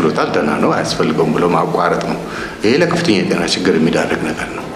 ችሎታል፣ ደህና ነው፣ አያስፈልገውም ብሎ ማቋረጥ ነው። ይሄ ለከፍተኛ የጤና ችግር የሚዳርግ ነገር ነው።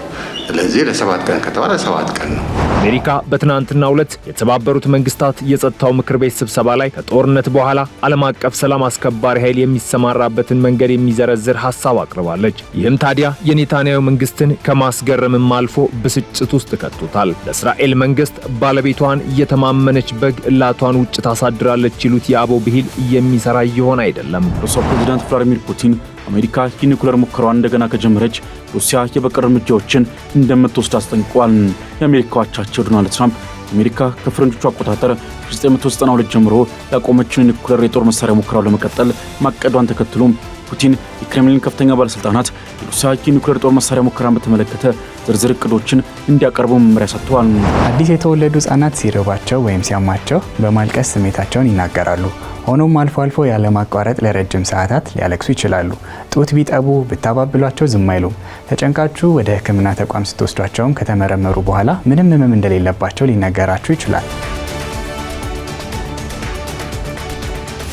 ስለዚህ ለሰባት ቀን ከተባለ ሰባት ቀን ነው። አሜሪካ በትናንትና ዕለት የተባበሩት መንግስታት የጸጥታው ምክር ቤት ስብሰባ ላይ ከጦርነት በኋላ ዓለም አቀፍ ሰላም አስከባሪ ኃይል የሚሰማራበትን መንገድ የሚዘረዝር ሀሳብ አቅርባለች። ይህም ታዲያ የኔታንያሁ መንግስትን ከማስገረምም አልፎ ብስጭት ውስጥ ከቶታል። ለእስራኤል መንግስት ባለቤቷን እየተማመነች በግ እላቷን ውጭ ታሳድራለች ይሉት የአቦ ብሂል የሚሰራ ይሆን አይደለም። ሩሲያ ፕሬዚዳንት ቭላዲሚር ፑቲን አሜሪካ የኒኩለር ሙከራዋን እንደገና ከጀመረች ሩሲያ የበቀል እርምጃዎችን እንደምትወስድ አስጠንቅቋል። የአሜሪካው አቻቸው ዶናልድ ትራምፕ አሜሪካ ከፈረንጆቹ አቆጣጠር 1992 ጀምሮ ያቆመችውን የኒኩለር የጦር መሳሪያ ሙከራው ለመቀጠል ማቀዷን ተከትሎም ፑቲን የክሬምሊን ከፍተኛ ባለስልጣናት የሉሳኪ ኒውክሌር ጦር መሳሪያ ሙከራን በተመለከተ ዝርዝር እቅዶችን እንዲያቀርቡ መመሪያ ሰጥተዋል። አዲስ የተወለዱ ህጻናት ሲርባቸው ወይም ሲያማቸው በማልቀስ ስሜታቸውን ይናገራሉ። ሆኖም አልፎ አልፎ ያለማቋረጥ ለረጅም ሰዓታት ሊያለቅሱ ይችላሉ። ጡት ቢጠቡ ብታባብሏቸው ዝም አይሉም። ተጨንቃችሁ ወደ ሕክምና ተቋም ስትወስዷቸውም ከተመረመሩ በኋላ ምንም ህመም እንደሌለባቸው ሊነገራችሁ ይችላል።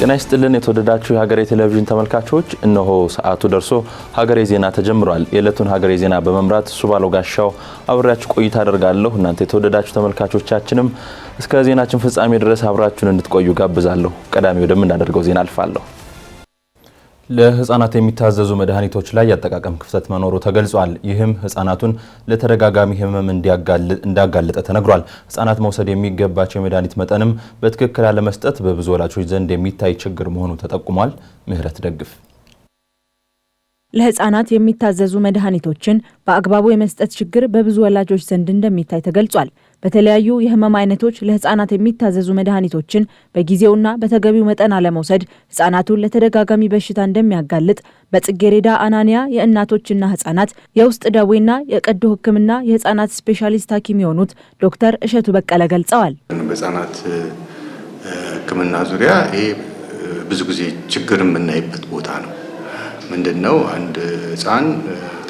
ጤና ይስጥልን የተወደዳችሁ የሀገሬ ቴሌቪዥን ተመልካቾች፣ እነሆ ሰዓቱ ደርሶ ሀገሬ ዜና ተጀምሯል። የዕለቱን ሀገሬ ዜና በመምራት ሱባሎ ጋሻው አብሬያችሁ ቆይታ አደርጋለሁ። እናንተ የተወደዳችሁ ተመልካቾቻችንም እስከ ዜናችን ፍጻሜ ድረስ አብራችሁን እንድትቆዩ ጋብዛለሁ። ቀዳሚ ወደምናደርገው ዜና አልፋለሁ። ለህፃናት የሚታዘዙ መድኃኒቶች ላይ የአጠቃቀም ክፍተት መኖሩ ተገልጿል። ይህም ህጻናቱን ለተደጋጋሚ ህመም እንዳጋለጠ ተነግሯል። ህጻናት መውሰድ የሚገባቸው የመድኃኒት መጠንም በትክክል አለመስጠት በብዙ ወላጆች ዘንድ የሚታይ ችግር መሆኑ ተጠቁሟል። ምህረት ደግፍ ለህጻናት የሚታዘዙ መድኃኒቶችን በአግባቡ የመስጠት ችግር በብዙ ወላጆች ዘንድ እንደሚታይ ተገልጿል። በተለያዩ የህመም አይነቶች ለህጻናት የሚታዘዙ መድኃኒቶችን በጊዜውና በተገቢው መጠን አለመውሰድ ህጻናቱን ለተደጋጋሚ በሽታ እንደሚያጋልጥ በጽጌሬዳ አናንያ የእናቶችና ህጻናት የውስጥ ደዌና የቀዶ ህክምና የህጻናት ስፔሻሊስት ሐኪም የሆኑት ዶክተር እሸቱ በቀለ ገልጸዋል። በህጻናት ህክምና ዙሪያ ይሄ ብዙ ጊዜ ችግር የምናይበት ቦታ ነው። ምንድን ነው አንድ ህፃን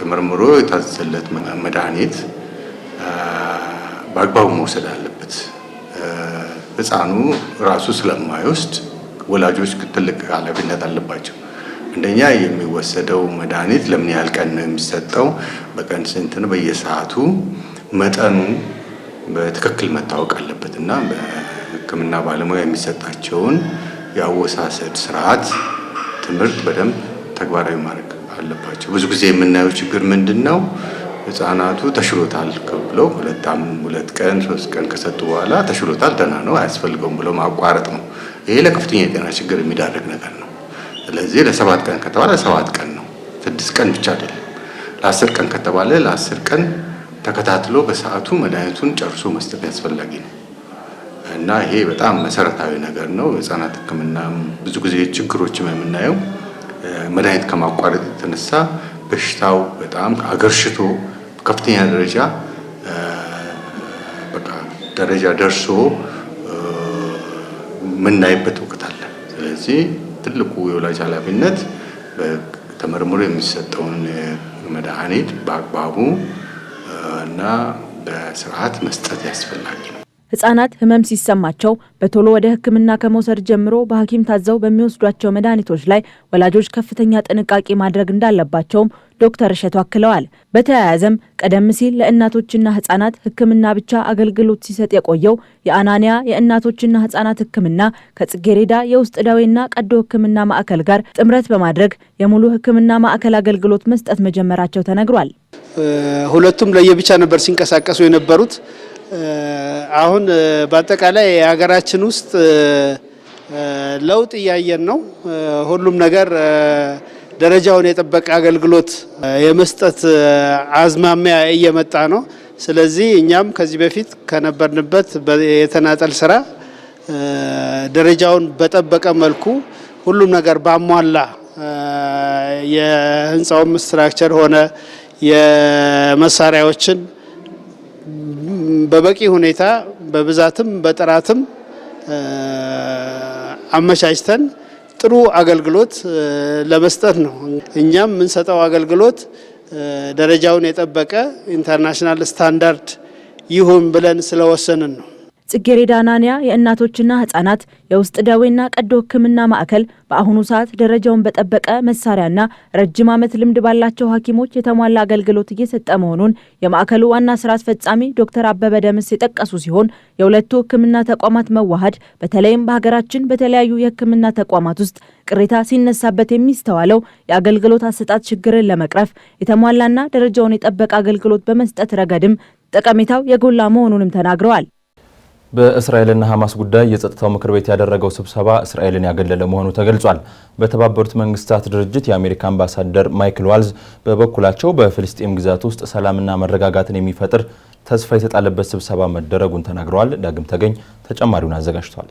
ተመርምሮ የታዘዘለት መድኃኒት በአግባቡ መውሰድ አለበት። ህፃኑ ራሱ ስለማይወስድ ወላጆች ትልቅ ኃላፊነት አለባቸው። አንደኛ የሚወሰደው መድኃኒት ለምን ያህል ቀን ነው የሚሰጠው፣ በቀን ስንት ነው፣ በየሰዓቱ መጠኑ በትክክል መታወቅ አለበት እና በሕክምና ባለሙያ የሚሰጣቸውን የአወሳሰድ ስርዓት ትምህርት በደንብ ተግባራዊ ማድረግ አለባቸው። ብዙ ጊዜ የምናየው ችግር ምንድን ነው? ህፃናቱ ተሽሎታል ብለው ሁለት ሁለት ቀን ሶስት ቀን ከሰጡ በኋላ ተሽሎታል ደህና ነው አያስፈልገውም ብለው ማቋረጥ ነው። ይሄ ለከፍተኛ የጤና ችግር የሚዳርግ ነገር ነው። ስለዚህ ለሰባት ቀን ከተባለ ሰባት ቀን ነው፣ ስድስት ቀን ብቻ አይደለም። ለአስር ቀን ከተባለ ለአስር ቀን ተከታትሎ በሰዓቱ መድኃኒቱን ጨርሶ መስጠት ያስፈላጊ ነው እና ይሄ በጣም መሰረታዊ ነገር ነው። የህፃናት ህክምና ብዙ ጊዜ ችግሮችም የምናየው መድኃኒት ከማቋረጥ የተነሳ በሽታው በጣም አገርሽቶ ከፍተኛ ደረጃ በቃ ደረጃ ደርሶ የምናይበት ወቅት አለ። ስለዚህ ትልቁ የወላጅ ኃላፊነት ተመርምሮ የሚሰጠውን መድኃኒት በአግባቡ እና በስርዓት መስጠት ያስፈላጊ ነው። ህጻናት ህመም ሲሰማቸው በቶሎ ወደ ህክምና ከመውሰድ ጀምሮ በሐኪም ታዘው በሚወስዷቸው መድኃኒቶች ላይ ወላጆች ከፍተኛ ጥንቃቄ ማድረግ እንዳለባቸውም ዶክተር እሸቱ አክለዋል። በተያያዘም ቀደም ሲል ለእናቶችና ህጻናት ህክምና ብቻ አገልግሎት ሲሰጥ የቆየው የአናንያ የእናቶችና ህጻናት ህክምና ከጽጌሬዳ የውስጥ ደዌና ቀዶ ህክምና ማዕከል ጋር ጥምረት በማድረግ የሙሉ ህክምና ማዕከል አገልግሎት መስጠት መጀመራቸው ተነግሯል። ሁለቱም ለየብቻ ነበር ሲንቀሳቀሱ የነበሩት። አሁን በአጠቃላይ የሀገራችን ውስጥ ለውጥ እያየን ነው። ሁሉም ነገር ደረጃውን የጠበቀ አገልግሎት የመስጠት አዝማሚያ እየመጣ ነው። ስለዚህ እኛም ከዚህ በፊት ከነበርንበት የተናጠል ስራ ደረጃውን በጠበቀ መልኩ ሁሉም ነገር ባሟላ የህንፃውም ስትራክቸር ሆነ የመሳሪያዎችን በበቂ ሁኔታ በብዛትም በጥራትም አመቻችተን ጥሩ አገልግሎት ለመስጠት ነው። እኛም የምንሰጠው አገልግሎት ደረጃውን የጠበቀ ኢንተርናሽናል ስታንዳርድ ይሁን ብለን ስለወሰንን ነው። ጽጌሬዳ ናንያ የእናቶችና ህጻናት የውስጥ ደዌና ቀዶ ሕክምና ማዕከል በአሁኑ ሰዓት ደረጃውን በጠበቀ መሳሪያና ረጅም ዓመት ልምድ ባላቸው ሐኪሞች የተሟላ አገልግሎት እየሰጠ መሆኑን የማዕከሉ ዋና ስራ አስፈጻሚ ዶክተር አበበ ደምስ የጠቀሱ ሲሆን የሁለቱ ሕክምና ተቋማት መዋሃድ በተለይም በሀገራችን በተለያዩ የሕክምና ተቋማት ውስጥ ቅሬታ ሲነሳበት የሚስተዋለው የአገልግሎት አሰጣጥ ችግርን ለመቅረፍ የተሟላና ደረጃውን የጠበቀ አገልግሎት በመስጠት ረገድም ጠቀሜታው የጎላ መሆኑንም ተናግረዋል። በእስራኤልና ሐማስ ጉዳይ የጸጥታው ምክር ቤት ያደረገው ስብሰባ እስራኤልን ያገለለ መሆኑ ተገልጿል። በተባበሩት መንግስታት ድርጅት የአሜሪካ አምባሳደር ማይክል ዋልዝ በበኩላቸው በፍልስጤም ግዛት ውስጥ ሰላምና መረጋጋትን የሚፈጥር ተስፋ የተጣለበት ስብሰባ መደረጉን ተናግረዋል። ዳግም ተገኝ ተጨማሪውን አዘጋጅቷል።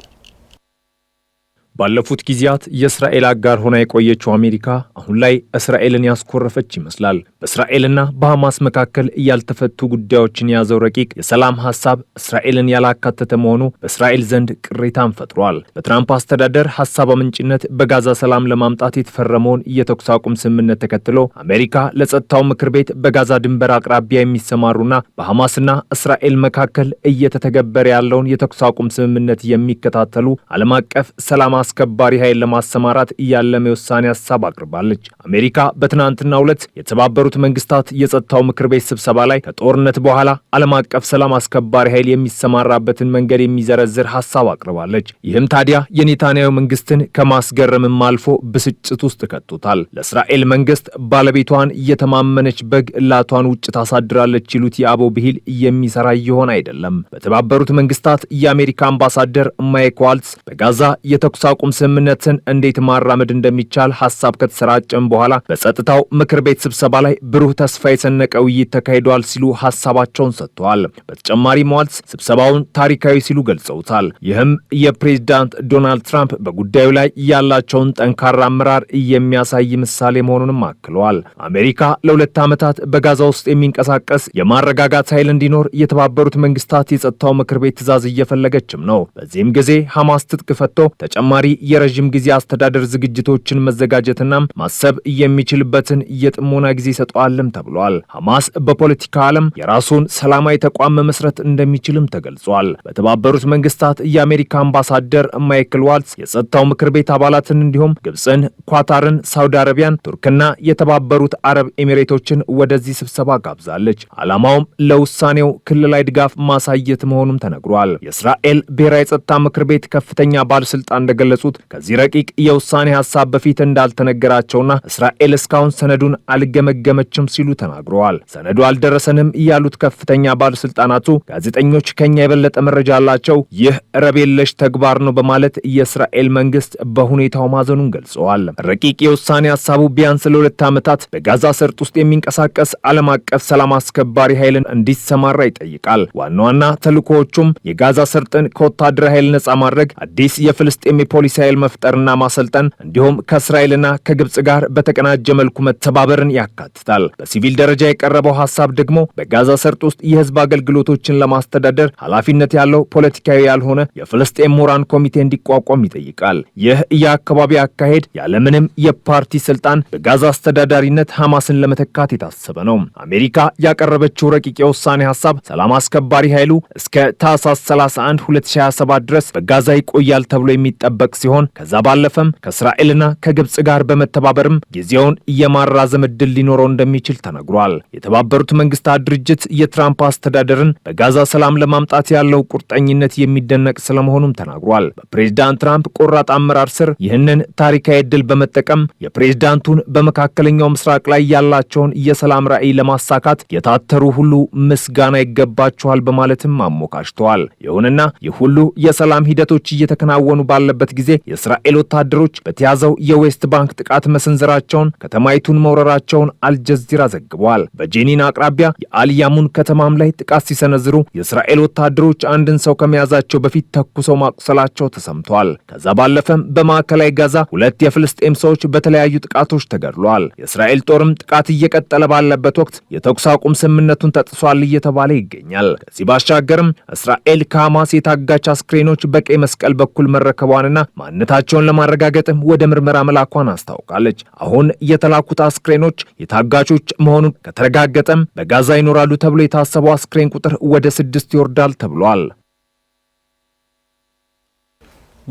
ባለፉት ጊዜያት የእስራኤል አጋር ሆና የቆየችው አሜሪካ አሁን ላይ እስራኤልን ያስኮረፈች ይመስላል። በእስራኤልና በሐማስ መካከል ያልተፈቱ ጉዳዮችን የያዘው ረቂቅ የሰላም ሐሳብ እስራኤልን ያላካተተ መሆኑ በእስራኤል ዘንድ ቅሬታን ፈጥሯል። በትራምፕ አስተዳደር ሐሳብ አመንጭነት በጋዛ ሰላም ለማምጣት የተፈረመውን የተኩስ አቁም ስምምነት ተከትሎ አሜሪካ ለጸጥታው ምክር ቤት በጋዛ ድንበር አቅራቢያ የሚሰማሩና በሐማስና እስራኤል መካከል እየተተገበረ ያለውን የተኩስ አቁም ስምምነት የሚከታተሉ ዓለም አቀፍ ሰላም አስከባሪ ኃይል ለማሰማራት ያለመ የውሳኔ ሀሳብ አቅርባለች። አሜሪካ በትናንትናው ዕለት የተባበሩት መንግስታት የጸጥታው ምክር ቤት ስብሰባ ላይ ከጦርነት በኋላ ዓለም አቀፍ ሰላም አስከባሪ ኃይል የሚሰማራበትን መንገድ የሚዘረዝር ሀሳብ አቅርባለች። ይህም ታዲያ የኔታንያሁ መንግስትን ከማስገረምም አልፎ ብስጭት ውስጥ ከቶታል። ለእስራኤል መንግስት ባለቤቷን እየተማመነች በግ ላቷን ውጭ ታሳድራለች ይሉት የአበው ብሂል የሚሰራ እየሆነ አይደለም። በተባበሩት መንግስታት የአሜሪካ አምባሳደር ማይክ ዋልትስ በጋዛ የተኩስ አቁም ስምምነትን እንዴት ማራመድ እንደሚቻል ሀሳብ ከተሰራጨም በኋላ በጸጥታው ምክር ቤት ስብሰባ ላይ ብሩህ ተስፋ የሰነቀ ውይይት ተካሂዷል ሲሉ ሀሳባቸውን ሰጥተዋል። በተጨማሪ ዋልስ ስብሰባውን ታሪካዊ ሲሉ ገልጸውታል። ይህም የፕሬዚዳንት ዶናልድ ትራምፕ በጉዳዩ ላይ ያላቸውን ጠንካራ አመራር የሚያሳይ ምሳሌ መሆኑንም አክለዋል። አሜሪካ ለሁለት ዓመታት በጋዛ ውስጥ የሚንቀሳቀስ የማረጋጋት ኃይል እንዲኖር የተባበሩት መንግስታት የጸጥታው ምክር ቤት ትዕዛዝ እየፈለገችም ነው። በዚህም ጊዜ ሐማስ ትጥቅ ፈቶ ተጨማሪ በተጨማሪ የረዥም ጊዜ አስተዳደር ዝግጅቶችን መዘጋጀትና ማሰብ የሚችልበትን የጥሞና ጊዜ ይሰጠዋልም ተብሏል። ሐማስ በፖለቲካ ዓለም የራሱን ሰላማዊ ተቋም መመስረት እንደሚችልም ተገልጿል። በተባበሩት መንግስታት የአሜሪካ አምባሳደር ማይክል ዋልስ የጸጥታው ምክር ቤት አባላትን እንዲሁም ግብፅን፣ ኳታርን፣ ሳውዲ አረቢያን፣ ቱርክና የተባበሩት አረብ ኤሚሬቶችን ወደዚህ ስብሰባ ጋብዛለች። ዓላማውም ለውሳኔው ክልላዊ ድጋፍ ማሳየት መሆኑም ተነግሯል። የእስራኤል ብሔራዊ የጸጥታ ምክር ቤት ከፍተኛ ባለስልጣን እንደገለ የገለጹት ከዚህ ረቂቅ የውሳኔ ሀሳብ በፊት እንዳልተነገራቸውና እስራኤል እስካሁን ሰነዱን አልገመገመችም ሲሉ ተናግረዋል። ሰነዱ አልደረሰንም እያሉት ከፍተኛ ባለስልጣናቱ ጋዜጠኞች ከኛ የበለጠ መረጃ አላቸው፣ ይህ ረቤለሽ ተግባር ነው በማለት የእስራኤል መንግስት በሁኔታው ማዘኑን ገልጸዋል። ረቂቅ የውሳኔ ሀሳቡ ቢያንስ ለሁለት ዓመታት በጋዛ ሰርጥ ውስጥ የሚንቀሳቀስ ዓለም አቀፍ ሰላም አስከባሪ ኃይልን እንዲሰማራ ይጠይቃል። ዋና ዋና ተልእኮዎቹም የጋዛ ሰርጥን ከወታደራዊ ኃይል ነጻ ማድረግ፣ አዲስ የፍልስጤም የፖሊስ ኃይል መፍጠርና ማሰልጠን እንዲሁም ከእስራኤልና ከግብፅ ጋር በተቀናጀ መልኩ መተባበርን ያካትታል። በሲቪል ደረጃ የቀረበው ሀሳብ ደግሞ በጋዛ ሰርጥ ውስጥ የህዝብ አገልግሎቶችን ለማስተዳደር ኃላፊነት ያለው ፖለቲካዊ ያልሆነ የፍልስጤም ምሁራን ኮሚቴ እንዲቋቋም ይጠይቃል። ይህ የአካባቢ አካሄድ ያለምንም የፓርቲ ስልጣን በጋዛ አስተዳዳሪነት ሐማስን ለመተካት የታሰበ ነው። አሜሪካ ያቀረበችው ረቂቅ የውሳኔ ሀሳብ ሰላም አስከባሪ ኃይሉ እስከ ታህሳስ 31 2027 ድረስ በጋዛ ይቆያል ተብሎ የሚጠበቅ የሚጠበቅ ሲሆን ከዛ ባለፈም ከእስራኤልና ከግብጽ ጋር በመተባበርም ጊዜውን የማራዘም እድል ሊኖረው እንደሚችል ተነግሯል። የተባበሩት መንግስታት ድርጅት የትራምፕ አስተዳደርን በጋዛ ሰላም ለማምጣት ያለው ቁርጠኝነት የሚደነቅ ስለመሆኑም ተናግሯል። በፕሬዝዳንት ትራምፕ ቆራጥ አመራር ስር ይህንን ታሪካዊ እድል በመጠቀም የፕሬዝዳንቱን በመካከለኛው ምስራቅ ላይ ያላቸውን የሰላም ራዕይ ለማሳካት የታተሩ ሁሉ ምስጋና ይገባቸዋል በማለትም አሞካሽተዋል። ይሁንና ይህ ሁሉ የሰላም ሂደቶች እየተከናወኑ ባለበት ጊዜ የእስራኤል ወታደሮች በተያዘው የዌስት ባንክ ጥቃት መሰንዘራቸውን፣ ከተማይቱን መውረራቸውን አልጀዚራ ዘግቧል። በጄኒን አቅራቢያ የአልያሙን ከተማም ላይ ጥቃት ሲሰነዝሩ የእስራኤል ወታደሮች አንድን ሰው ከመያዛቸው በፊት ተኩሰው ማቁሰላቸው ተሰምቷል። ከዛ ባለፈም በማዕከላዊ ጋዛ ሁለት የፍልስጤም ሰዎች በተለያዩ ጥቃቶች ተገድሏል። የእስራኤል ጦርም ጥቃት እየቀጠለ ባለበት ወቅት የተኩስ አቁም ስምምነቱን ተጥሷል እየተባለ ይገኛል። ከዚህ ባሻገርም እስራኤል ከሐማስ የታጋች አስክሬኖች በቀይ መስቀል በኩል መረከቧንና ማንነታቸውን ለማረጋገጥም ወደ ምርመራ መላኳን አስታውቃለች። አሁን የተላኩት አስክሬኖች የታጋቾች መሆኑን ከተረጋገጠም በጋዛ ይኖራሉ ተብሎ የታሰበው አስክሬን ቁጥር ወደ ስድስት ይወርዳል ተብሏል።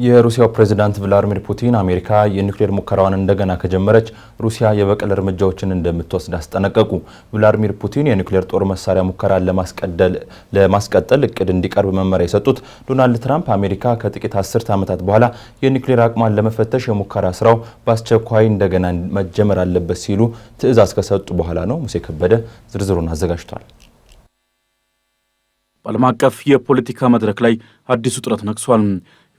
የሩሲያው ፕሬዝዳንት ቭላድሚር ፑቲን አሜሪካ የኒውክሌር ሙከራዋን እንደገና ከጀመረች ሩሲያ የበቀል እርምጃዎችን እንደምትወስድ አስጠነቀቁ። ቭላድሚር ፑቲን የኒውክሌር ጦር መሳሪያ ሙከራን ለማስቀጠል እቅድ እንዲቀርብ መመሪያ የሰጡት ዶናልድ ትራምፕ አሜሪካ ከጥቂት አስርት ዓመታት በኋላ የኒውክሌር አቅሟን ለመፈተሽ የሙከራ ስራው በአስቸኳይ እንደገና መጀመር አለበት ሲሉ ትዕዛዝ ከሰጡ በኋላ ነው። ሙሴ ከበደ ዝርዝሩን አዘጋጅቷል። በዓለም አቀፍ የፖለቲካ መድረክ ላይ አዲስ ውጥረት ነግሷል።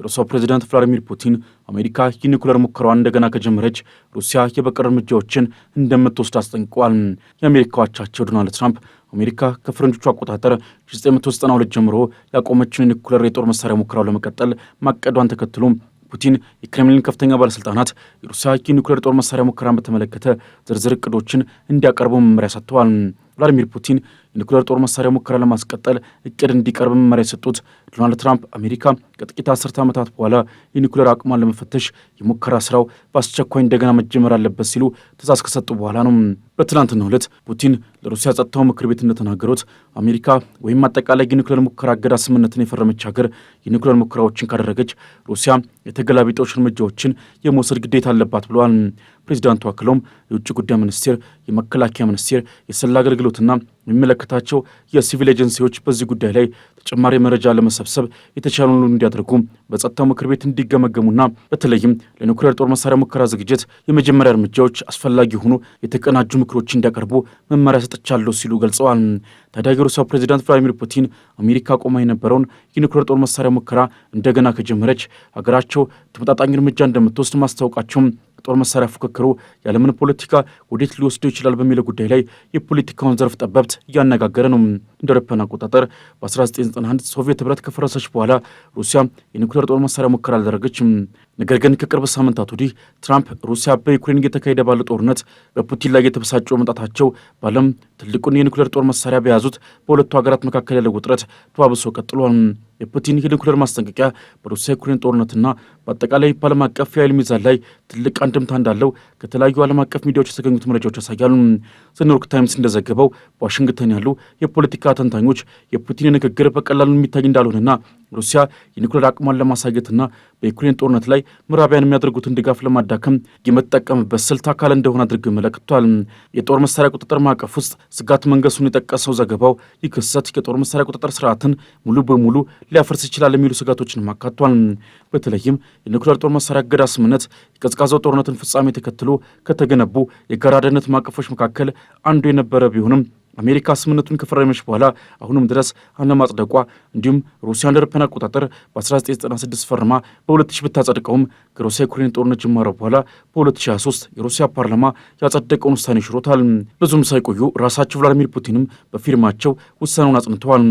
የሩሲያው ፕሬዚዳንት ቭላዲሚር ፑቲን አሜሪካ የኒኩሌር ሙከራዋን እንደገና ከጀመረች ሩሲያ የበቀል እርምጃዎችን እንደምትወስድ አስጠንቅቋል። የአሜሪካው አቻቸው ዶናልድ ትራምፕ አሜሪካ ከፈረንጆቹ አቆጣጠር 1992 ጀምሮ ያቆመችውን የኒኩሌር የጦር መሳሪያ ሙከራው ለመቀጠል ማቀዷን ተከትሎ ፑቲን የክሬምሊን ከፍተኛ ባለስልጣናት የሩሲያ የኒኩሌር ጦር መሳሪያ ሙከራን በተመለከተ ዝርዝር እቅዶችን እንዲያቀርቡ መመሪያ ሰጥተዋል። ቭላዲሚር ፑቲን የኒኩሌር ጦር መሳሪያ ሙከራ ለማስቀጠል እቅድ እንዲቀርብ መመሪያ የሰጡት ዶናልድ ትራምፕ አሜሪካ ከጥቂት አስርተ ዓመታት በኋላ የኒኩሌር አቅሟን ለመፈተሽ የሙከራ ስራው በአስቸኳይ እንደገና መጀመር አለበት ሲሉ ትእዛዝ ከሰጡ በኋላ ነው። በትናንትና ዕለት ፑቲን ለሩሲያ ጸጥታው ምክር ቤት እንደተናገሩት አሜሪካ ወይም አጠቃላይ የኒኩሌር ሙከራ እገዳ ስምምነትን የፈረመች ሀገር የኒኩሌር ሙከራዎችን ካደረገች ሩሲያ የተገላቢጦች እርምጃዎችን የመውሰድ ግዴታ አለባት ብለዋል። ፕሬዚዳንቱ አክለውም የውጭ ጉዳይ ሚኒስቴር፣ የመከላከያ ሚኒስቴር፣ የስላ አገልግሎትና የሚመለከታቸው የሲቪል ኤጀንሲዎች በዚህ ጉዳይ ላይ ተጨማሪ መረጃ ለመሰብሰብ የተቻለውን እንዲያደርጉ በጸጥታው ምክር ቤት እንዲገመገሙና በተለይም ለኒውክሌር ጦር መሳሪያ ሙከራ ዝግጅት የመጀመሪያ እርምጃዎች አስፈላጊ የሆኑ የተቀናጁ ምክሮች እንዲያቀርቡ መመሪያ ሰጥቻለሁ ሲሉ ገልጸዋል። ታዲያ የሩሲያው ፕሬዚዳንት ቭላዲሚር ፑቲን አሜሪካ ቆማ የነበረውን የኒውክሌር ጦር መሳሪያ ሙከራ እንደገና ከጀመረች ሀገራቸው ተመጣጣኝ እርምጃ እንደምትወስድ ማስታወቃቸውም የጦር መሳሪያ ፉክክሩ የዓለምን ፖለቲካ ወዴት ሊወስደው ይችላል በሚለው ጉዳይ ላይ የፖለቲካውን ዘርፍ ጠበብት እያነጋገረ ነው። እንደ አውሮፓውያን አቆጣጠር በ1991 ሶቪየት ህብረት ከፈረሰች በኋላ ሩሲያ የኒኩሌር ጦር መሳሪያ ሙከራ አላደረገችም። ነገር ግን ከቅርብ ሳምንታት ወዲህ ትራምፕ ሩሲያ በዩክሬን እየተካሄደ ባለው ጦርነት በፑቲን ላይ የተበሳጨው መምጣታቸው በዓለም ትልቁን የኒኩሌር ጦር መሳሪያ በያዙት በሁለቱ ሀገራት መካከል ያለው ውጥረት ተባብሶ ቀጥሏል። የፑቲን የኒኩሌር ማስጠንቀቂያ በሩሲያ ዩክሬን ጦርነትና በአጠቃላይ በዓለም አቀፍ የኃይል ሚዛን ላይ ትልቅ አንድምታ እንዳለው ከተለያዩ ዓለም አቀፍ ሚዲያዎች የተገኙት መረጃዎች ያሳያሉ። ዘኒውዮርክ ታይምስ እንደዘገበው በዋሽንግተን ያሉ የፖለቲካ ተንታኞች የፑቲን ንግግር በቀላሉ የሚታይ እንዳልሆነና ሩሲያ የኒኩሌር አቅሟን ለማሳየትና በዩክሬን ጦርነት ላይ ምዕራቢያን የሚያደርጉትን ድጋፍ ለማዳከም የምትጠቀምበት ስልት አካል እንደሆነ አድርግ መለክቷል። የጦር መሳሪያ ቁጥጥር ማዕቀፍ ውስጥ ስጋት መንገሱን የጠቀሰው ዘገባው ይህ ክስተት የጦር መሳሪያ ቁጥጥር ስርዓትን ሙሉ በሙሉ ሊያፈርስ ይችላል የሚሉ ስጋቶችንም አካቷል። በተለይም የኒኩሌር ጦር መሳሪያ እገዳ ስምምነት የቀዝቃዛው ጦርነትን ፍጻሜ ተከትሎ ከተገነቡ የጋራ ደህንነት ማዕቀፎች መካከል አንዱ የነበረ ቢሆንም አሜሪካ ስምምነቱን ከፈረመች በኋላ አሁንም ድረስ አለማጽደቋ እንዲሁም ሩሲያ እንደ አውሮፓውያን አቆጣጠር በ1996 ፈርማ በ2000 ብታጸድቀውም ከሩሲያ ዩክሬን ጦርነት ጅማረ በኋላ በ2023 የሩሲያ ፓርላማ ያጸደቀውን ውሳኔ ሽሮታል። ብዙም ሳይቆዩ ራሳቸው ቭላዲሚር ፑቲንም በፊርማቸው ውሳኔውን አጽንተዋል።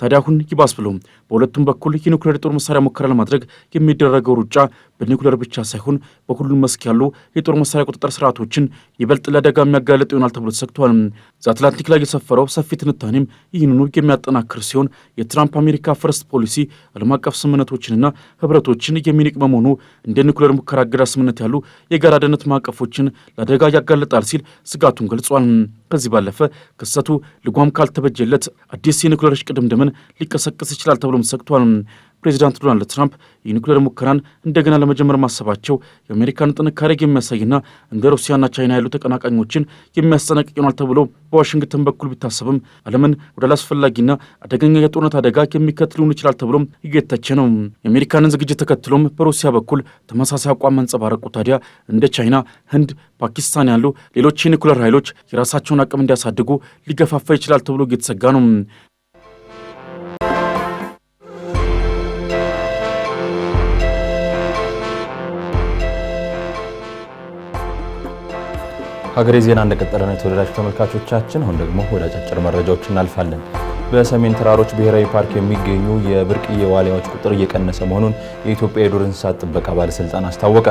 ታዲያ አሁን ይባስ ብሎ በሁለቱም በኩል የኒውክሌር የጦር መሳሪያ ሙከራ ለማድረግ የሚደረገው ሩጫ በኒውክሌር ብቻ ሳይሆን በሁሉም መስክ ያሉ የጦር መሳሪያ ቁጥጥር ስርዓቶችን ይበልጥ ለአደጋ የሚያጋለጥ ይሆናል ተብሎ ተሰግቷል። ዘአትላንቲክ አትላንቲክ ላይ የሰፈረው ሰፊ ትንታኔም ይህንኑ የሚያጠናክር ሲሆን የትራምፕ አሜሪካ ፈርስት ፖሊሲ ዓለም አቀፍ ስምምነቶችንና ህብረቶችን የሚንቅ በመሆኑ እንደ ኒውክሌር ሙከራ እገዳ ስምምነት ያሉ የጋራ ደህንነት ማዕቀፎችን ለአደጋ ያጋልጣል ሲል ስጋቱን ገልጿል። ከዚህ ባለፈ ክስተቱ ልጓም ካልተበጀለት አዲስ የኒውክሌር እሽቅድምድምን መተማመን ሊቀሰቀስ ይችላል ተብሎም ሰግቷል። ፕሬዚዳንት ዶናልድ ትራምፕ የኒውክሌር ሙከራን እንደገና ለመጀመር ማሰባቸው የአሜሪካን ጥንካሬ የሚያሳይና እንደ ሩሲያና ቻይና ያሉ ተቀናቃኞችን የሚያስጠነቅቅ ይሆናል ተብሎ በዋሽንግተን በኩል ቢታሰብም ዓለምን ወደ አላስፈላጊና አደገኛ የጦርነት አደጋ የሚከትል ሊሆን ይችላል ተብሎም እየተቸ ነው። የአሜሪካንን ዝግጅት ተከትሎም በሩሲያ በኩል ተመሳሳይ አቋም መንጸባረቁ ታዲያ እንደ ቻይና፣ ህንድ፣ ፓኪስታን ያሉ ሌሎች የኒውክሌር ኃይሎች የራሳቸውን አቅም እንዲያሳድጉ ሊገፋፋ ይችላል ተብሎ እየተሰጋ ነው። ሀገሬ ዜና እንደቀጠለ ነው። የተወደዳችሁ ተመልካቾቻችን፣ አሁን ደግሞ ወደ አጫጭር መረጃዎች እናልፋለን። በሰሜን ተራሮች ብሔራዊ ፓርክ የሚገኙ የብርቅዬ ዋሊያዎች ቁጥር እየቀነሰ መሆኑን የኢትዮጵያ የዱር እንስሳት ጥበቃ ባለስልጣን አስታወቀ።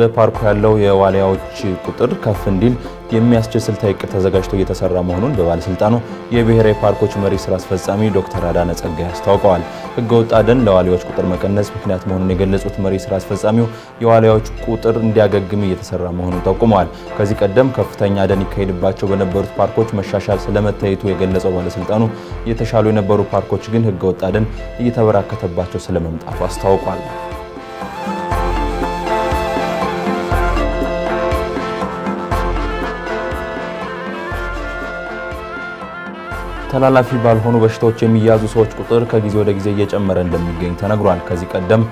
በፓርኩ ያለው የዋሊያዎች ቁጥር ከፍ እንዲል የሚያስችል ስልታዊ እቅድ ተዘጋጅቶ እየተሰራ መሆኑን በባለስልጣኑ የብሔራዊ ፓርኮች መሪ ስራ አስፈጻሚ ዶክተር አዳነ ጸጋይ አስታውቀዋል። ህገወጥ አደን ለዋሊያዎች ቁጥር መቀነስ ምክንያት መሆኑን የገለጹት መሪ ስራ አስፈጻሚው የዋሊያዎች ቁጥር እንዲያገግም እየተሰራ መሆኑን ጠቁመዋል። ከዚህ ቀደም ከፍተኛ አደን ይካሄድባቸው በነበሩት ፓርኮች መሻሻል ስለመታየቱ የገለጸው ባለስልጣኑ የተሻሉ የነበሩ ፓርኮች ግን ህገወጥ አደን እየተበራከተባቸው ስለመምጣቱ አስታውቋል። ተላላፊ ባልሆኑ በሽታዎች የሚያዙ ሰዎች ቁጥር ከጊዜ ወደ ጊዜ እየጨመረ እንደሚገኝ ተነግሯል። ከዚህ ቀደም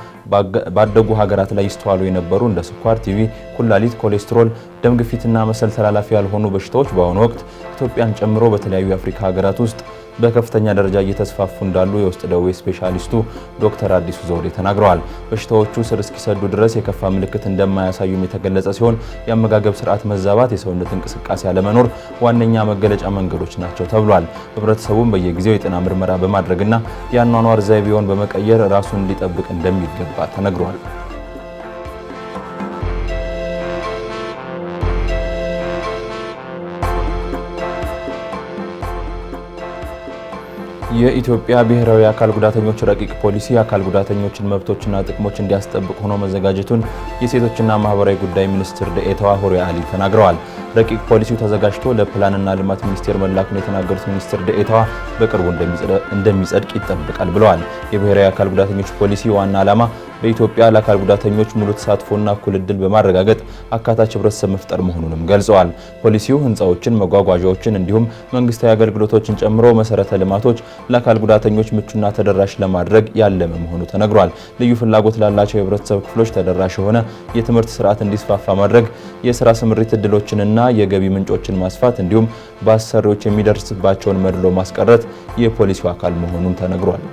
ባደጉ ሀገራት ላይ ይስተዋሉ የነበሩ እንደ ስኳር፣ ቲቪ፣ ኩላሊት፣ ኮሌስትሮል፣ ደም ግፊትና መሰል ተላላፊ ያልሆኑ በሽታዎች በአሁኑ ወቅት ኢትዮጵያን ጨምሮ በተለያዩ የአፍሪካ ሀገራት ውስጥ በከፍተኛ ደረጃ እየተስፋፉ እንዳሉ የውስጥ ደዌ ስፔሻሊስቱ ዶክተር አዲሱ ዘውዴ ተናግረዋል። በሽታዎቹ ስር እስኪሰዱ ድረስ የከፋ ምልክት እንደማያሳዩም የተገለጸ ሲሆን የአመጋገብ ስርዓት መዛባት፣ የሰውነት እንቅስቃሴ አለመኖር ዋነኛ መገለጫ መንገዶች ናቸው ተብሏል። ህብረተሰቡም በየጊዜው የጤና ምርመራ በማድረግና የአኗኗር ዘይቤውን በመቀየር ራሱን ሊጠብቅ እንደሚገባ ተነግሯል። የኢትዮጵያ ብሔራዊ አካል ጉዳተኞች ረቂቅ ፖሊሲ የአካል ጉዳተኞችን መብቶችና ጥቅሞች እንዲያስጠብቅ ሆኖ መዘጋጀቱን የሴቶችና ማህበራዊ ጉዳይ ሚኒስትር ደኤታዋ ሁሪያ አሊ ተናግረዋል። ረቂቅ ፖሊሲው ተዘጋጅቶ ለፕላንና ልማት ሚኒስቴር መላኩን የተናገሩት ሚኒስትር ደኤታዋ በቅርቡ እንደሚጸድቅ ይጠበቃል ብለዋል። የብሔራዊ አካል ጉዳተኞች ፖሊሲ ዋና ዓላማ በኢትዮጵያ ለአካል ጉዳተኞች ሙሉ ተሳትፎና እኩል እድል በማረጋገጥ አካታች ህብረተሰብ መፍጠር መሆኑንም ገልጸዋል። ፖሊሲው ህንፃዎችን፣ መጓጓዣዎችን እንዲሁም መንግስታዊ አገልግሎቶችን ጨምሮ መሰረተ ልማቶች ለአካል ጉዳተኞች ምቹና ተደራሽ ለማድረግ ያለመ መሆኑ ተነግሯል። ልዩ ፍላጎት ላላቸው የህብረተሰብ ክፍሎች ተደራሽ የሆነ የትምህርት ስርዓት እንዲስፋፋ ማድረግ፣ የስራ ስምሪት እድሎችንና የገቢ ምንጮችን ማስፋት እንዲሁም በአሰሪዎች የሚደርስባቸውን መድሎ ማስቀረት የፖሊሲው አካል መሆኑን ተነግሯል።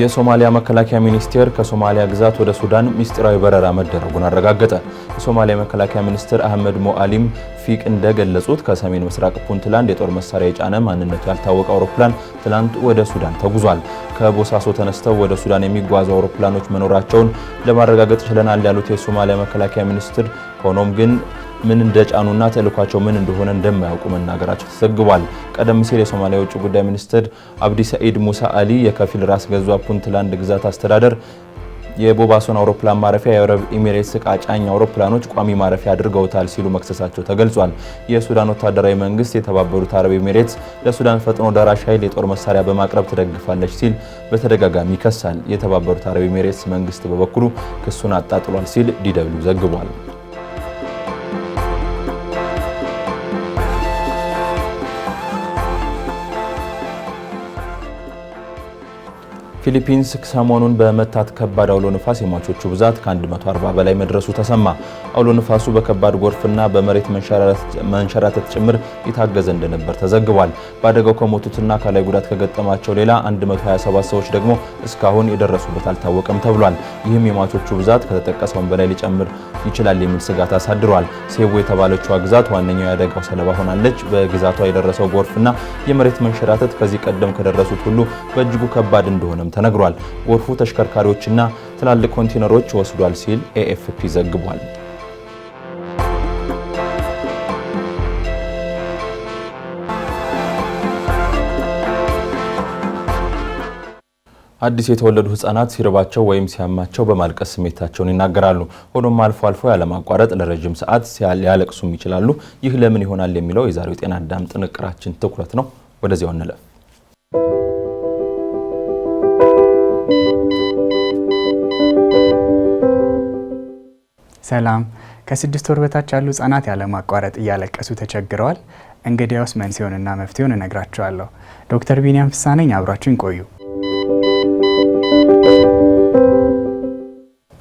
የሶማሊያ መከላከያ ሚኒስቴር ከሶማሊያ ግዛት ወደ ሱዳን ምስጢራዊ በረራ መደረጉን አረጋገጠ። የሶማሊያ መከላከያ ሚኒስትር አህመድ ሞአሊም ፊቅ እንደገለጹት ከሰሜን ምስራቅ ፑንትላንድ የጦር መሳሪያ የጫነ ማንነቱ ያልታወቀ አውሮፕላን ትላንት ወደ ሱዳን ተጉዟል። ከቦሳሶ ተነስተው ወደ ሱዳን የሚጓዙ አውሮፕላኖች መኖራቸውን ለማረጋገጥ ችለናል ያሉት የሶማሊያ መከላከያ ሚኒስትር ሆኖም ግን ምን እንደጫኑና ተልኳቸው ምን እንደሆነ እንደማያውቁ መናገራቸው ተዘግቧል። ቀደም ሲል የሶማሊያ የውጭ ጉዳይ ሚኒስትር አብዲ ሰኢድ ሙሳ አሊ የከፊል ራስ ገዟ ፑንትላንድ ግዛት አስተዳደር የቦባሶን አውሮፕላን ማረፊያ የአረብ ኤሚሬትስ እቃ ጫኝ አውሮፕላኖች ቋሚ ማረፊያ አድርገውታል ሲሉ መክሰሳቸው ተገልጿል። የሱዳን ወታደራዊ መንግስት የተባበሩት አረብ ኤሚሬትስ ለሱዳን ፈጥኖ ደራሽ ኃይል የጦር መሳሪያ በማቅረብ ትደግፋለች ሲል በተደጋጋሚ ይከሳል። የተባበሩት አረብ ኤሚሬትስ መንግስት በበኩሉ ክሱን አጣጥሏል ሲል ዲ ዘግቧል። ፊሊፒንስ ሰሞኑን በመታት ከባድ አውሎ ንፋስ የሟቾቹ ብዛት ከ140 በላይ መድረሱ ተሰማ። አውሎ ንፋሱ በከባድ ጎርፍና በመሬት መንሸራተት ጭምር የታገዘ እንደነበር ተዘግቧል። በአደጋው ከሞቱትና ከላይ ጉዳት ከገጠማቸው ሌላ 127 ሰዎች ደግሞ እስካሁን የደረሱበት አልታወቀም ተብሏል። ይህም የሟቾቹ ብዛት ከተጠቀሰውን በላይ ሊጨምር ይችላል የሚል ስጋት አሳድሯል። ሴቦ የተባለችዋ ግዛት ዋነኛው የአደጋው ሰለባ ሆናለች። በግዛቷ የደረሰው ጎርፍና የመሬት መንሸራተት ከዚህ ቀደም ከደረሱት ሁሉ በእጅጉ ከባድ እንደሆነም ተነግሯል። ጎርፉ ተሽከርካሪዎችና ትላልቅ ኮንቴነሮች ወስዷል ሲል ኤኤፍፒ ዘግቧል። አዲስ የተወለዱ ህጻናት ሲርባቸው ወይም ሲያማቸው በማልቀስ ስሜታቸውን ይናገራሉ። ሆኖም አልፎ አልፎ ያለማቋረጥ ለረዥም ሰዓት ሊያለቅሱም ይችላሉ። ይህ ለምን ይሆናል የሚለው የዛሬው ጤና አዳም ጥንቅራችን ትኩረት ነው። ወደዚያው እንለፍ። ሰላም። ከስድስት ወር በታች ያሉ ህጻናት ያለማቋረጥ እያለቀሱ ተቸግረዋል። እንግዲያውስ መንስኤውንና መፍትሄውን እነግራችኋለሁ። ዶክተር ቢንያም ፍሳነኝ ነኝ። አብራችሁን ቆዩ።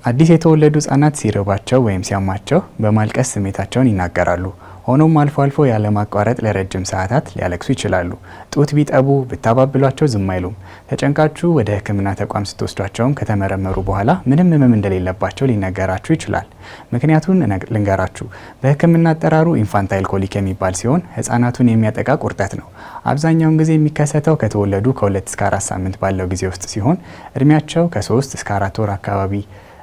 አዲስ የተወለዱ ህጻናት ሲርባቸው ወይም ሲያማቸው በማልቀስ ስሜታቸውን ይናገራሉ። ሆኖም አልፎ አልፎ ያለማቋረጥ ለረጅም ሰዓታት ሊያለቅሱ ይችላሉ። ጡት ቢጠቡ ብታባብሏቸው ዝም አይሉም። ተጨንቃችሁ ወደ ሕክምና ተቋም ስትወስዷቸውም ከተመረመሩ በኋላ ምንም ህመም እንደሌለባቸው ሊነገራችሁ ይችላል። ምክንያቱን ልንገራችሁ። በሕክምና አጠራሩ ኢንፋንታይል ኮሊክ የሚባል ሲሆን ህጻናቱን የሚያጠቃ ቁርጠት ነው። አብዛኛውን ጊዜ የሚከሰተው ከተወለዱ ከሁለት እስከ አራት ሳምንት ባለው ጊዜ ውስጥ ሲሆን እድሜያቸው ከሶስት እስከ አራት ወር አካባቢ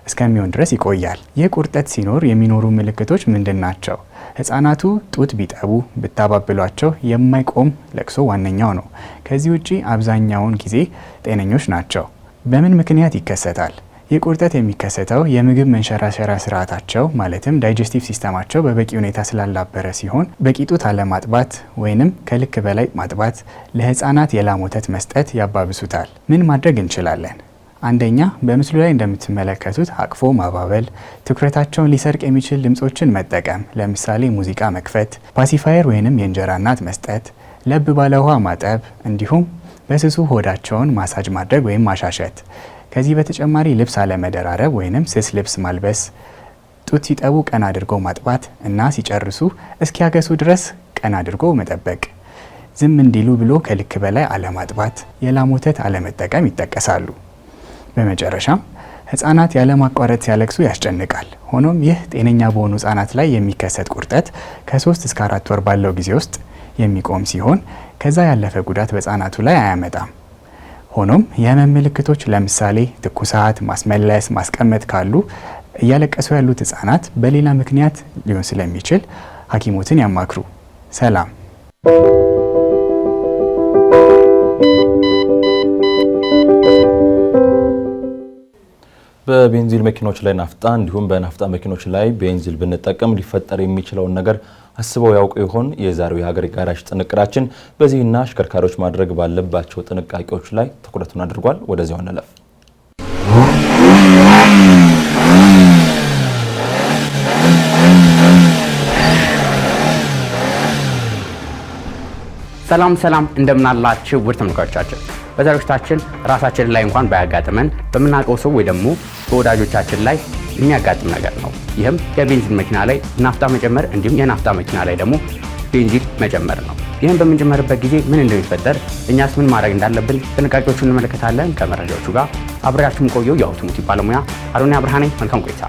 እስከሚሆን ድረስ ይቆያል። ይህ ቁርጠት ሲኖር የሚኖሩ ምልክቶች ምንድን ናቸው? ህጻናቱ ጡት ቢጠቡ ብታባብሏቸው የማይቆም ለቅሶ ዋነኛው ነው። ከዚህ ውጪ አብዛኛውን ጊዜ ጤነኞች ናቸው። በምን ምክንያት ይከሰታል? የቁርጠት የሚከሰተው የምግብ መንሸራሸራ ስርዓታቸው ማለትም ዳይጀስቲቭ ሲስተማቸው በበቂ ሁኔታ ስላላበረ ሲሆን በቂ ጡት አለማጥባት ወይንም ከልክ በላይ ማጥባት፣ ለህፃናት የላም ወተት መስጠት ያባብሱታል። ምን ማድረግ እንችላለን? አንደኛ በምስሉ ላይ እንደምትመለከቱት አቅፎ ማባበል፣ ትኩረታቸውን ሊሰርቅ የሚችል ድምፆችን መጠቀም፣ ለምሳሌ ሙዚቃ መክፈት፣ ፓሲፋየር ወይንም የእንጀራ እናት መስጠት፣ ለብ ባለ ውሃ ማጠብ፣ እንዲሁም በስሱ ሆዳቸውን ማሳጅ ማድረግ ወይም ማሻሸት። ከዚህ በተጨማሪ ልብስ አለመደራረብ ወይንም ስስ ልብስ ማልበስ፣ ጡት ሲጠቡ ቀን አድርጎ ማጥባት እና ሲጨርሱ እስኪያገሱ ድረስ ቀና አድርጎ መጠበቅ፣ ዝም እንዲሉ ብሎ ከልክ በላይ አለማጥባት፣ የላም ወተት አለመጠቀም ይጠቀሳሉ። በመጨረሻም ህጻናት ያለማቋረጥ ሲያለቅሱ ያስጨንቃል። ሆኖም ይህ ጤነኛ በሆኑ ህጻናት ላይ የሚከሰት ቁርጠት ከሶስት እስከ አራት ወር ባለው ጊዜ ውስጥ የሚቆም ሲሆን ከዛ ያለፈ ጉዳት በህጻናቱ ላይ አያመጣም። ሆኖም የህመም ምልክቶች ለምሳሌ ትኩሳት፣ ማስመለስ፣ ማስቀመጥ ካሉ እያለቀሱ ያሉት ህጻናት በሌላ ምክንያት ሊሆን ስለሚችል ሐኪሞትን ያማክሩ። ሰላም በቤንዚል መኪኖች ላይ ናፍጣ እንዲሁም በናፍጣ መኪኖች ላይ ቤንዚል ብንጠቀም ሊፈጠር የሚችለውን ነገር አስበው ያውቁ ይሆን? የዛሬው የሀገር ጋራዥ ጥንቅራችን በዚህና አሽከርካሪዎች ማድረግ ባለባቸው ጥንቃቄዎች ላይ ትኩረቱን አድርጓል። ወደዚያው እንለፍ። ሰላም ሰላም እንደምናላችሁ ውድ ተመልካቾቻችን በተረሽታችን ራሳችን ላይ እንኳን ባያጋጥመን በምናውቀው ሰው ወይ ደግሞ በወዳጆቻችን ላይ የሚያጋጥም ነገር ነው። ይህም የቤንዚን መኪና ላይ ናፍጣ መጨመር እንዲሁም የናፍጣ መኪና ላይ ደግሞ ቤንዚን መጨመር ነው። ይህም በምንጀመርበት ጊዜ ምን እንደሚፈጠር እኛስ ምን ማድረግ እንዳለብን ጥንቃቄዎቹ እንመለከታለን። ከመረጃዎቹ ጋር አብሬያችሁም ቆየው። የአውቶሞቲቭ ባለሙያ አዶኒያ ብርሃኔ። መልካም ቆይታ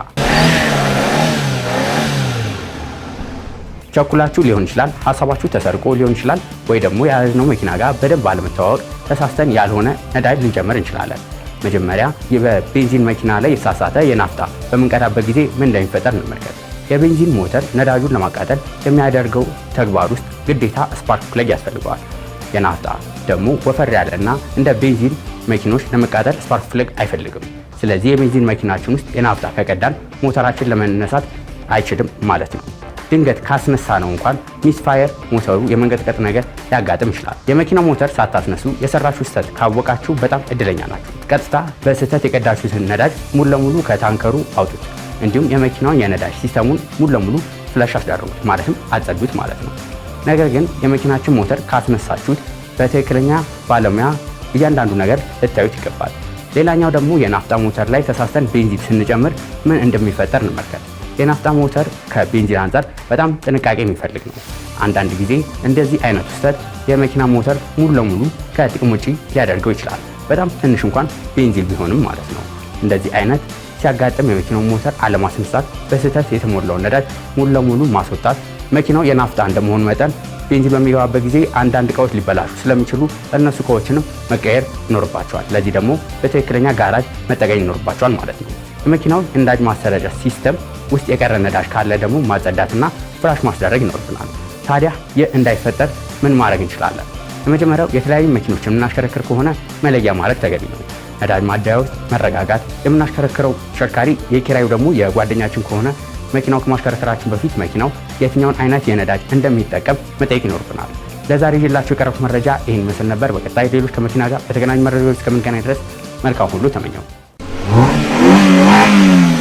ቸኩላችሁ ሊሆን ይችላል፣ ሀሳባችሁ ተሰርቆ ሊሆን ይችላል፣ ወይ ደግሞ የያዝነው መኪና ጋር በደንብ አለመተዋወቅ ተሳስተን ያልሆነ ነዳጅ ልንጨምር እንችላለን። መጀመሪያ በቤንዚን መኪና ላይ የተሳሳተ የናፍጣ በምንቀዳበት ጊዜ ምን እንደሚፈጠር እንመልከት። የቤንዚን ሞተር ነዳጁን ለማቃጠል የሚያደርገው ተግባር ውስጥ ግዴታ ስፓርክ ፕለግ ያስፈልገዋል። የናፍጣ ደግሞ ወፈር ያለ እና እንደ ቤንዚን መኪኖች ለመቃጠል ስፓርክ ፕለግ አይፈልግም። ስለዚህ የቤንዚን መኪናችን ውስጥ የናፍጣ ከቀዳን ሞተራችን ለመነሳት አይችልም ማለት ነው። ድንገት ካስነሳ ነው እንኳን ሚስፋየር ሞተሩ የመንቀጥቀጥ ነገር ሊያጋጥም ይችላል። የመኪናው ሞተር ሳታስነሱ የሰራችሁ ስህተት ካወቃችሁ በጣም እድለኛ ናችሁ። ቀጥታ በስህተት የቀዳችሁትን ነዳጅ ሙሉ ለሙሉ ከታንከሩ አውጡት። እንዲሁም የመኪናውን የነዳጅ ሲስተሙን ሙሉ ለሙሉ ፍለሽ አስዳርጉት፣ ማለትም አጸዱት ማለት ነው። ነገር ግን የመኪናችን ሞተር ካስነሳችሁት በትክክለኛ ባለሙያ እያንዳንዱ ነገር ልታዩት ይገባል። ሌላኛው ደግሞ የናፍጣ ሞተር ላይ ተሳስተን ቤንዚን ስንጨምር ምን እንደሚፈጠር እንመልከት። የናፍጣ ሞተር ከቤንዚን አንጻር በጣም ጥንቃቄ የሚፈልግ ነው። አንዳንድ ጊዜ እንደዚህ አይነት ክስተት የመኪና ሞተር ሙሉ ለሙሉ ከጥቅም ውጪ ሊያደርገው ይችላል። በጣም ትንሽ እንኳን ቤንዚን ቢሆንም ማለት ነው። እንደዚህ አይነት ሲያጋጥም የመኪናው ሞተር አለማስነሳት፣ በስህተት የተሞላውን ነዳጅ ሙሉ ለሙሉ ማስወጣት። መኪናው የናፍጣ እንደመሆኑ መጠን ቤንዚን በሚገባበት ጊዜ አንዳንድ እቃዎች ሊበላሹ ስለሚችሉ እነሱ እቃዎችንም መቀየር ይኖርባቸዋል። ለዚህ ደግሞ በትክክለኛ ጋራጅ መጠገኝ ይኖርባቸዋል ማለት ነው። የመኪናው የነዳጅ ማሰረጫ ሲስተም ውስጥ የቀረ ነዳጅ ካለ ደግሞ ማጸዳትና ፍራሽ ማስደረግ ይኖርብናል። ታዲያ ይህ እንዳይፈጠር ምን ማድረግ እንችላለን? የመጀመሪያው የተለያዩ መኪኖች የምናሽከረክር ከሆነ መለያ ማድረግ ተገቢ ነው። ነዳጅ ማደያ ውስጥ መረጋጋት፣ የምናሽከረክረው ተሽከርካሪ የኪራዩ ደግሞ የጓደኛችን ከሆነ መኪናው ከማሽከረከራችን በፊት መኪናው የትኛውን አይነት የነዳጅ እንደሚጠቀም መጠየቅ ይኖርብናል። ለዛሬ ይዤላችሁ የቀረቡት መረጃ ይህን ምስል ነበር። በቀጣይ ሌሎች ከመኪና ጋር በተገናኙ መረጃዎች እስከምንገናኝ ድረስ መልካም ሁሉ ተመኘው። Yeah.